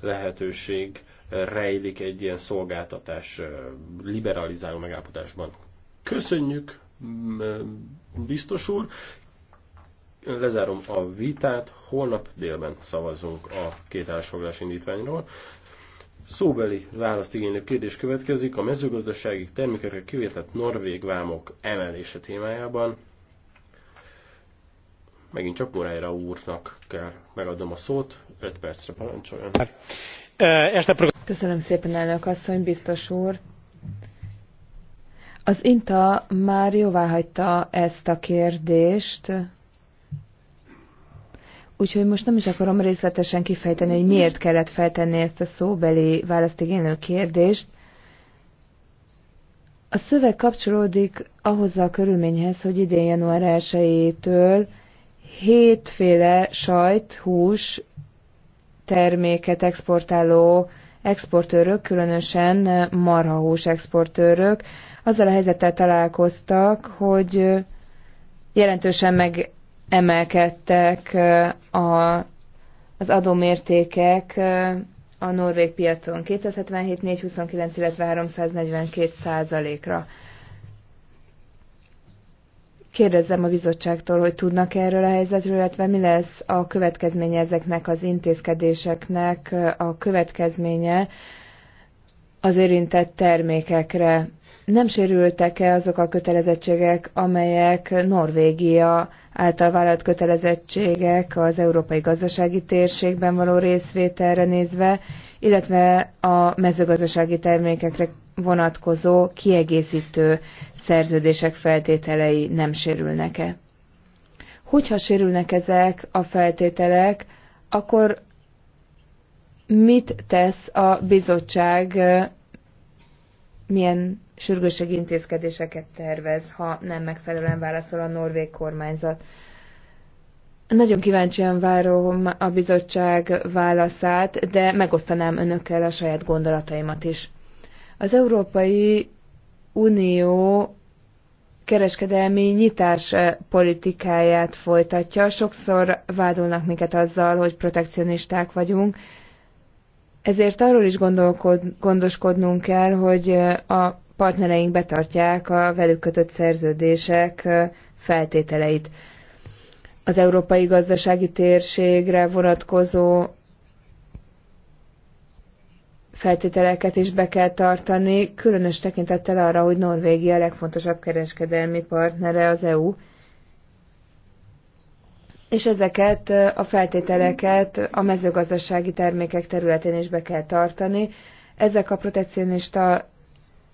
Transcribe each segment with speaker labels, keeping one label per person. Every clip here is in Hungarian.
Speaker 1: lehetőség rejlik egy ilyen szolgáltatás liberalizáló megállapodásban. Köszönjük, biztos úr! Lezárom a vitát, holnap délben szavazunk a két állásfoglalás indítványról. Szóbeli választ igénylő kérdés következik a mezőgazdasági termékekre kivételt norvég vámok emelése témájában. Megint csak Borájra úrnak kell megadnom a szót, 5 percre parancsoljon. Hát,
Speaker 2: Köszönöm szépen, elnök asszony, biztos úr. Az INTA már hagyta ezt a kérdést, Úgyhogy most nem is akarom részletesen kifejteni, hogy miért kellett feltenni ezt a szóbeli választigénő kérdést. A szöveg kapcsolódik ahhoz a körülményhez, hogy idén január 1-től hétféle sajt, hús terméket exportáló exportőrök, különösen marhahús exportőrök, azzal a helyzettel találkoztak, hogy jelentősen megemelkedtek a, az adómértékek a norvég piacon 277, 429, illetve 342 százalékra. Kérdezem a bizottságtól, hogy tudnak -e erről a helyzetről, illetve mi lesz a következménye ezeknek az intézkedéseknek, a következménye az érintett termékekre. Nem sérültek-e azok a kötelezettségek, amelyek Norvégia által vállalt kötelezettségek az európai gazdasági térségben való részvételre nézve, illetve a mezőgazdasági termékekre vonatkozó kiegészítő szerződések feltételei nem sérülnek-e. Hogyha sérülnek ezek a feltételek, akkor mit tesz a bizottság, milyen sürgősségi intézkedéseket tervez, ha nem megfelelően válaszol a norvég kormányzat. Nagyon kíváncsian várom a bizottság válaszát, de megosztanám önökkel a saját gondolataimat is. Az Európai Unió kereskedelmi nyitás eh, politikáját folytatja. Sokszor vádolnak minket azzal, hogy protekcionisták vagyunk, ezért arról is gondoskodnunk kell, hogy eh, a partnereink betartják a velük kötött szerződések eh, feltételeit. Az európai gazdasági térségre vonatkozó feltételeket is be kell tartani, különös tekintettel arra, hogy Norvégia a legfontosabb kereskedelmi partnere az EU. És ezeket a feltételeket a mezőgazdasági termékek területén is be kell tartani. Ezek a protekcionista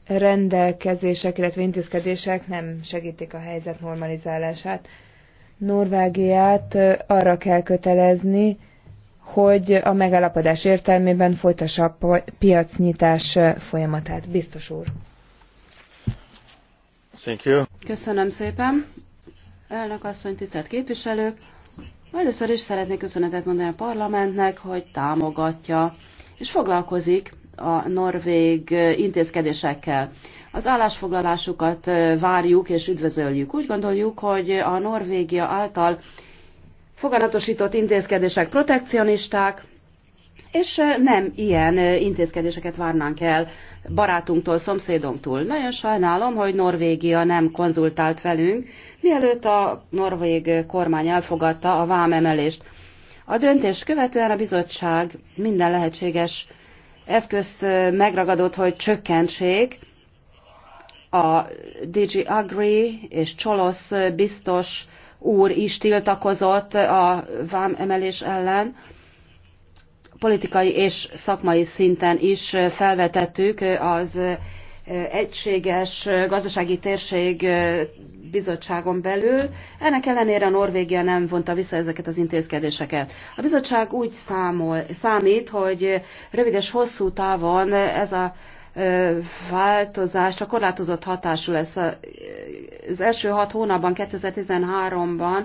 Speaker 2: rendelkezések, illetve intézkedések nem segítik a helyzet normalizálását. Norvégiát arra kell kötelezni, hogy a megállapodás értelmében folytassa a piacnyitás folyamatát. Biztos úr.
Speaker 1: Thank you.
Speaker 3: Köszönöm szépen. Elnök asszony, tisztelt képviselők! Először is szeretnék köszönetet mondani a parlamentnek, hogy támogatja és foglalkozik a norvég intézkedésekkel. Az állásfoglalásukat várjuk és üdvözöljük. Úgy gondoljuk, hogy a Norvégia által foganatosított intézkedések protekcionisták, és eh, nem ilyen eh, intézkedéseket várnánk el barátunktól, szomszédunktól. Nagyon sajnálom, hogy Norvégia nem konzultált velünk, mielőtt a norvég kormány elfogadta a vámemelést. A döntés követően a bizottság minden lehetséges eszközt eh, megragadott, hogy csökkentsék a DG Agri és Csolosz biztos úr is tiltakozott a vámemelés ellen. Politikai és szakmai szinten is felvetettük az egységes gazdasági térség bizottságon belül. Ennek ellenére Norvégia nem vonta vissza ezeket az intézkedéseket. A bizottság úgy számol, számít, hogy rövides hosszú távon ez a változás csak korlátozott hatású lesz. Az első hat hónapban, 2013-ban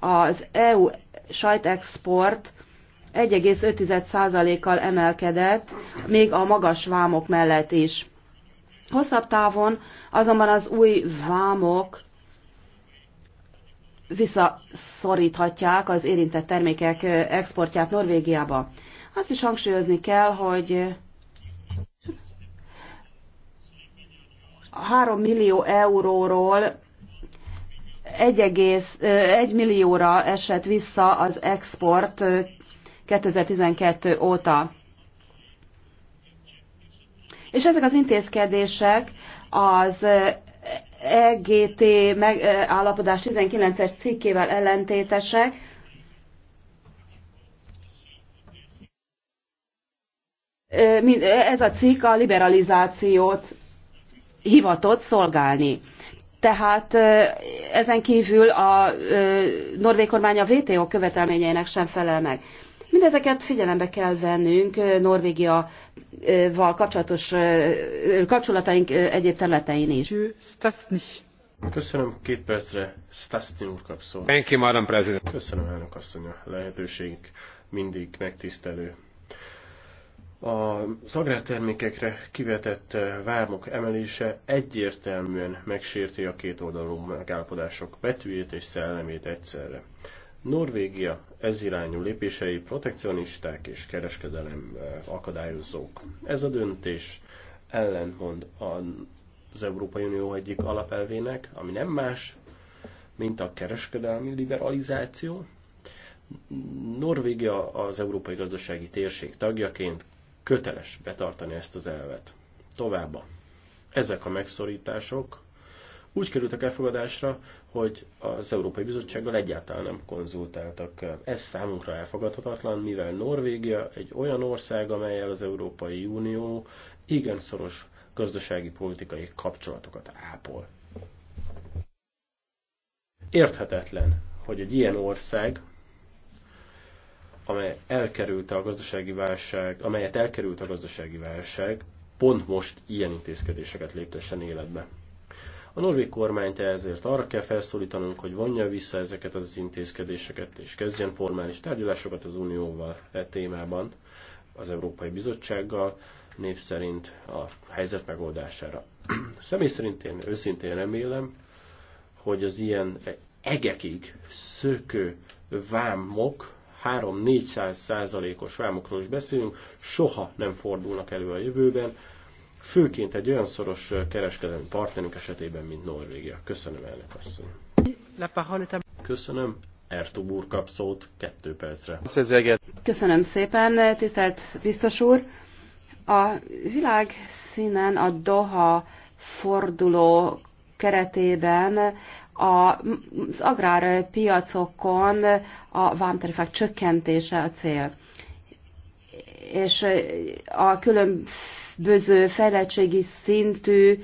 Speaker 3: az EU sajtexport 1,5%-kal emelkedett, még a magas vámok mellett is. Hosszabb távon azonban az új vámok visszaszoríthatják az érintett termékek exportját Norvégiába. Azt is hangsúlyozni kell, hogy 3 millió euróról 1 millióra esett vissza az export 2012 óta. És ezek az intézkedések az EGT megállapodás 19-es cikkével ellentétesek, ez a cikk a liberalizációt hivatott szolgálni. Tehát ezen kívül a norvég kormány a WTO követelményeinek sem felel meg. Mindezeket figyelembe kell vennünk Norvégiaval kapcsolatos kapcsolataink egyéb területein is.
Speaker 1: Köszönöm két percre, Stasztin úr kap szó. Thank you, Madam President. Köszönöm elnök asszony a lehetőség mindig megtisztelő a szagrártermékekre kivetett vámok emelése egyértelműen megsérti a kétoldalú megállapodások betűjét és szellemét egyszerre. Norvégia ez irányú lépései protekcionisták és kereskedelem akadályozók. Ez a döntés ellentmond az Európai Unió egyik alapelvének, ami nem más, mint a kereskedelmi liberalizáció. Norvégia az európai gazdasági térség tagjaként köteles betartani ezt az elvet. Továbbá, ezek a megszorítások úgy kerültek elfogadásra, hogy az Európai Bizottsággal egyáltalán nem konzultáltak. Ez számunkra elfogadhatatlan, mivel Norvégia egy olyan ország, amelyel az Európai Unió igen szoros gazdasági politikai kapcsolatokat ápol. Érthetetlen, hogy egy ilyen ország amely elkerülte a gazdasági válság, amelyet elkerült a gazdasági válság, pont most ilyen intézkedéseket léptessen életbe. A norvég kormányt ezért arra kell felszólítanunk, hogy vonja vissza ezeket az intézkedéseket, és kezdjen formális tárgyalásokat az Unióval e témában, az Európai Bizottsággal, név szerint a helyzet megoldására. Személy szerint én őszintén remélem, hogy az ilyen egekig szökő vámok 3-400 százalékos vámokról is beszélünk, soha nem fordulnak elő a jövőben, főként egy olyan szoros kereskedelmi partnerünk esetében, mint Norvégia. Köszönöm elnök asszony. Köszönöm. Ertug úr kap szót kettő percre.
Speaker 3: Köszönöm szépen, tisztelt biztos úr. A világ színen a Doha forduló keretében az agrárpiacokon a vámtarifák csökkentése a cél. És a különböző fejlettségi szintű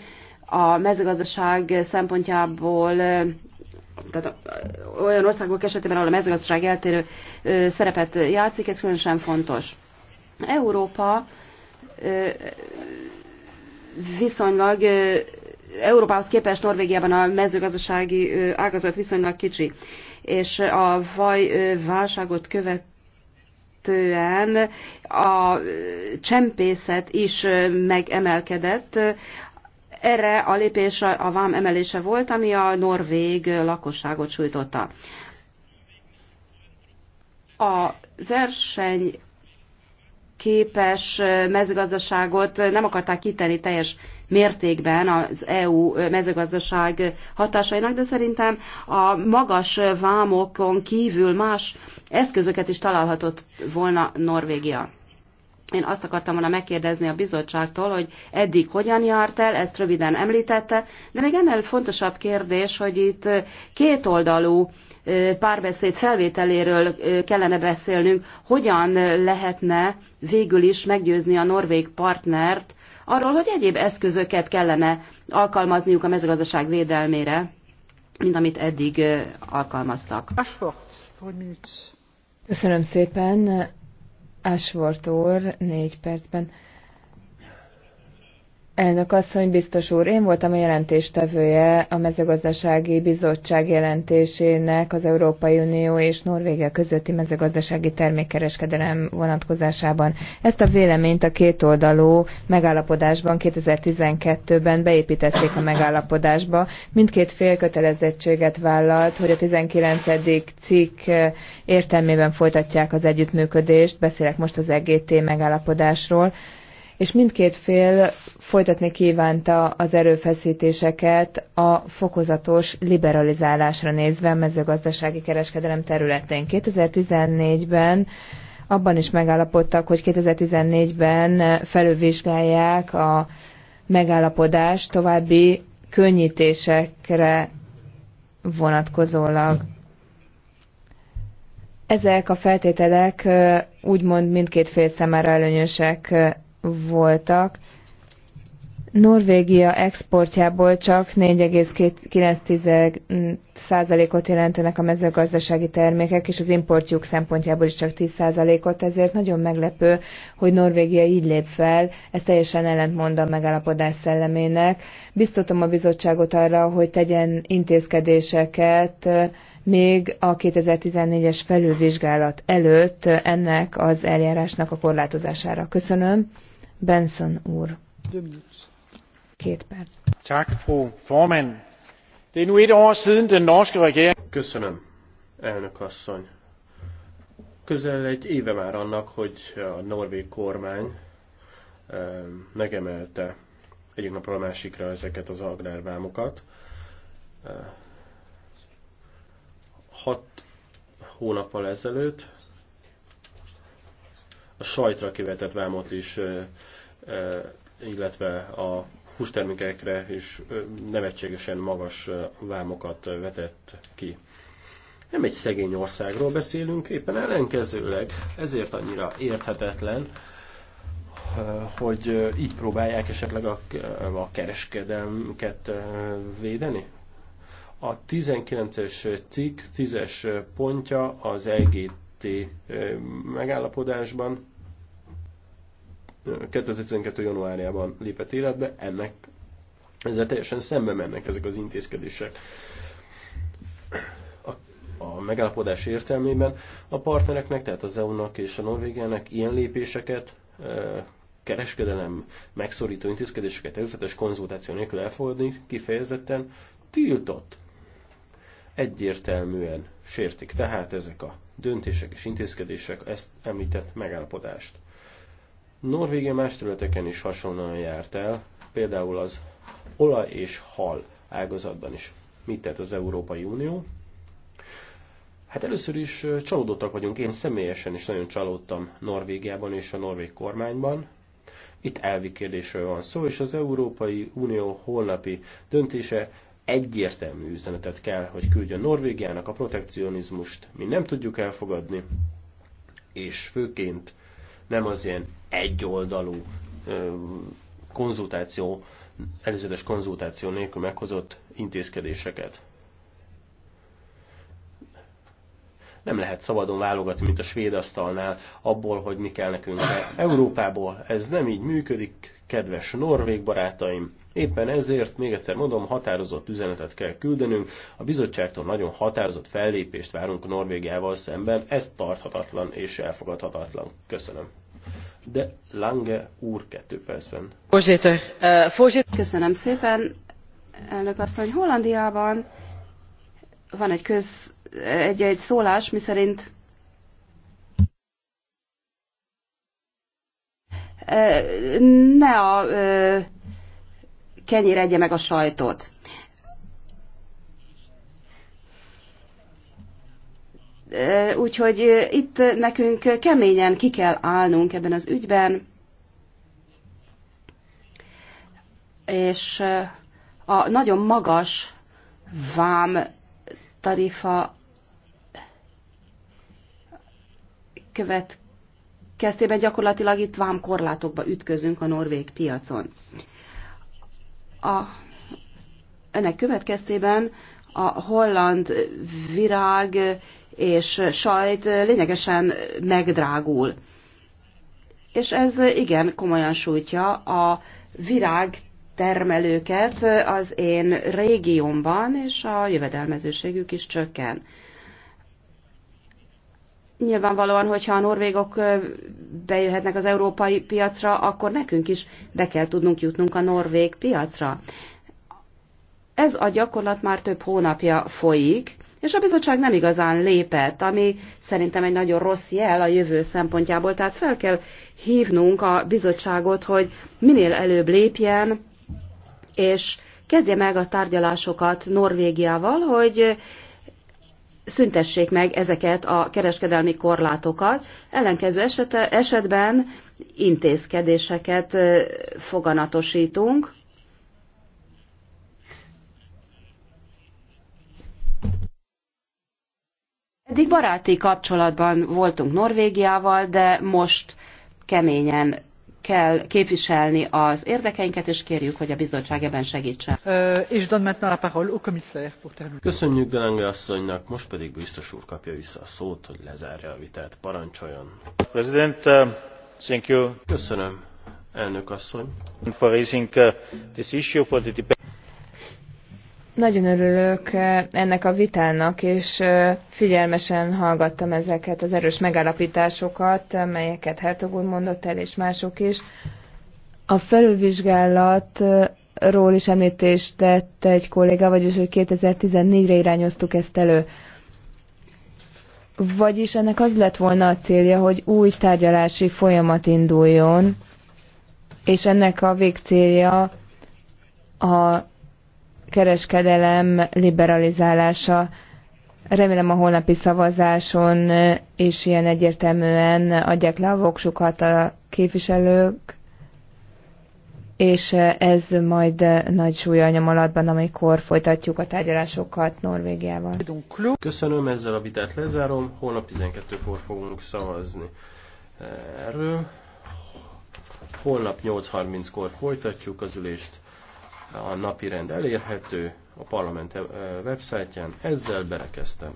Speaker 3: a mezőgazdaság szempontjából tehát olyan országok esetében, ahol a mezőgazdaság eltérő szerepet játszik, ez különösen fontos. Európa viszonylag Európához képest Norvégiában a mezőgazdasági ágazat viszonylag kicsi, és a vaj válságot követ követően a csempészet is megemelkedett. Erre a lépés a vám emelése volt, ami a norvég lakosságot sújtotta. A verseny képes mezőgazdaságot nem akarták kitenni teljes mértékben az EU mezőgazdaság hatásainak, de szerintem a magas vámokon kívül más eszközöket is találhatott volna Norvégia. Én azt akartam volna megkérdezni a bizottságtól, hogy eddig hogyan járt el, ezt röviden említette, de még ennél fontosabb kérdés, hogy itt kétoldalú párbeszéd felvételéről kellene beszélnünk, hogyan lehetne végül is meggyőzni a norvég partnert arról, hogy egyéb eszközöket kellene alkalmazniuk a mezőgazdaság védelmére, mint amit eddig alkalmaztak.
Speaker 2: Köszönöm szépen. Ashworth úr, négy percben. Elnök asszony, biztos úr, én voltam a jelentéstevője a mezőgazdasági bizottság jelentésének az Európai Unió és Norvégia közötti mezőgazdasági termékkereskedelem vonatkozásában. Ezt a véleményt a kétoldalú megállapodásban 2012-ben beépítették a megállapodásba. Mindkét fél kötelezettséget vállalt, hogy a 19. cikk értelmében folytatják az együttműködést. Beszélek most az EGT megállapodásról és mindkét fél folytatni kívánta az erőfeszítéseket a fokozatos liberalizálásra nézve a mezőgazdasági kereskedelem területén. 2014-ben abban is megállapodtak, hogy 2014-ben felülvizsgálják a megállapodás további könnyítésekre vonatkozólag. Ezek a feltételek úgymond mindkét fél számára előnyösek voltak. Norvégia exportjából csak 4,9%-ot jelentenek a mezőgazdasági termékek, és az importjuk szempontjából is csak 10%-ot, ezért nagyon meglepő, hogy Norvégia így lép fel, ez teljesen ellentmond a megállapodás szellemének. Biztatom a bizottságot arra, hogy tegyen intézkedéseket, még a 2014-es felülvizsgálat előtt ennek az eljárásnak a korlátozására. Köszönöm. Benson úr. Két perc.
Speaker 1: Tak, fru formand. Det er nu et år siden den norske regering... Köszönöm, elnök asszony. Közel egy éve már annak, hogy a norvég kormány megemelte egyik napról a másikra ezeket az agrárvámokat. Hat hónappal ezelőtt a sajtra kivetett vámot is, illetve a hústermékekre is nevetségesen magas vámokat vetett ki. Nem egy szegény országról beszélünk, éppen ellenkezőleg ezért annyira érthetetlen, hogy így próbálják esetleg a, a kereskedelmüket védeni? A 19-es cikk 10-es pontja az EGT közötti megállapodásban 2012. januárjában lépett életbe, ennek ezzel teljesen szembe mennek ezek az intézkedések. A, a megállapodás értelmében a partnereknek, tehát az EU-nak és a Norvégiának ilyen lépéseket kereskedelem megszorító intézkedéseket előzetes konzultáció nélkül elfogadni kifejezetten tiltott egyértelműen sértik tehát ezek a döntések és intézkedések ezt említett megállapodást. Norvégia más területeken is hasonlóan járt el, például az olaj és hal ágazatban is. Mit tett az Európai Unió? Hát először is csalódottak vagyunk, én személyesen is nagyon csalódtam Norvégiában és a norvég kormányban. Itt elvi kérdésről van szó, és az Európai Unió holnapi döntése egyértelmű üzenetet kell, hogy küldjön Norvégiának a protekcionizmust, mi nem tudjuk elfogadni, és főként nem az ilyen egyoldalú konzultáció, előzetes konzultáció nélkül meghozott intézkedéseket. Nem lehet szabadon válogatni, mint a svéd asztalnál, abból, hogy mi kell nekünk. Európából ez nem így működik, kedves norvég barátaim Éppen ezért, még egyszer mondom, határozott üzenetet kell küldenünk. A bizottságtól nagyon határozott fellépést várunk Norvégiával szemben. Ez tarthatatlan és elfogadhatatlan. Köszönöm. De Lange úr kettő percben.
Speaker 3: Eh, Köszönöm szépen, elnök asszony. Hollandiában van egy köz, egy, egy szólás, miszerint eh, ne a eh, kenyér egye meg a sajtot. Úgyhogy itt nekünk keményen ki kell állnunk ebben az ügyben, és a nagyon magas vám tarifa következtében gyakorlatilag itt vám korlátokba ütközünk a norvég piacon. A, ennek következtében a holland virág és sajt lényegesen megdrágul. És ez igen komolyan sújtja a virág termelőket az én régiómban, és a jövedelmezőségük is csökken. Nyilvánvalóan, hogyha a norvégok bejöhetnek az európai piacra, akkor nekünk is be kell tudnunk jutnunk a norvég piacra. Ez a gyakorlat már több hónapja folyik, és a bizottság nem igazán lépett, ami szerintem egy nagyon rossz jel a jövő szempontjából. Tehát fel kell hívnunk a bizottságot, hogy minél előbb lépjen, és kezdje meg a tárgyalásokat Norvégiával, hogy szüntessék meg ezeket a kereskedelmi korlátokat, ellenkező esete, esetben intézkedéseket foganatosítunk. Eddig baráti kapcsolatban voltunk Norvégiával, de most keményen kell képviselni az érdekeinket, és kérjük, hogy a bizottság ebben segítsen.
Speaker 1: Euh, Köszönjük Delange asszonynak, most pedig biztos úr kapja vissza a szót, hogy lezárja a vitát. Parancsoljon. President, uh, thank you. Köszönöm, elnök asszony. For raising uh, this issue for the
Speaker 2: nagyon örülök eh, ennek a vitának, és eh, figyelmesen hallgattam ezeket az erős megállapításokat, melyeket Hertog úr mondott el, és mások is. A felülvizsgálatról is említést tett egy kolléga, vagyis hogy 2014-re irányoztuk ezt elő. Vagyis ennek az lett volna a célja, hogy új tárgyalási folyamat induljon, és ennek a végcélja a kereskedelem liberalizálása. Remélem a holnapi szavazáson is eh, ilyen egyértelműen adják le a voksukat a képviselők, és eh, ez majd eh, nagy súlya nyomalatban, amikor folytatjuk a tárgyalásokat Norvégiával.
Speaker 1: Köszönöm, ezzel a vitát lezárom, holnap 12-kor fogunk szavazni erről. Holnap 8.30-kor folytatjuk az ülést a napi rend elérhető a parlament eh, websájtján. Ezzel berekeztem.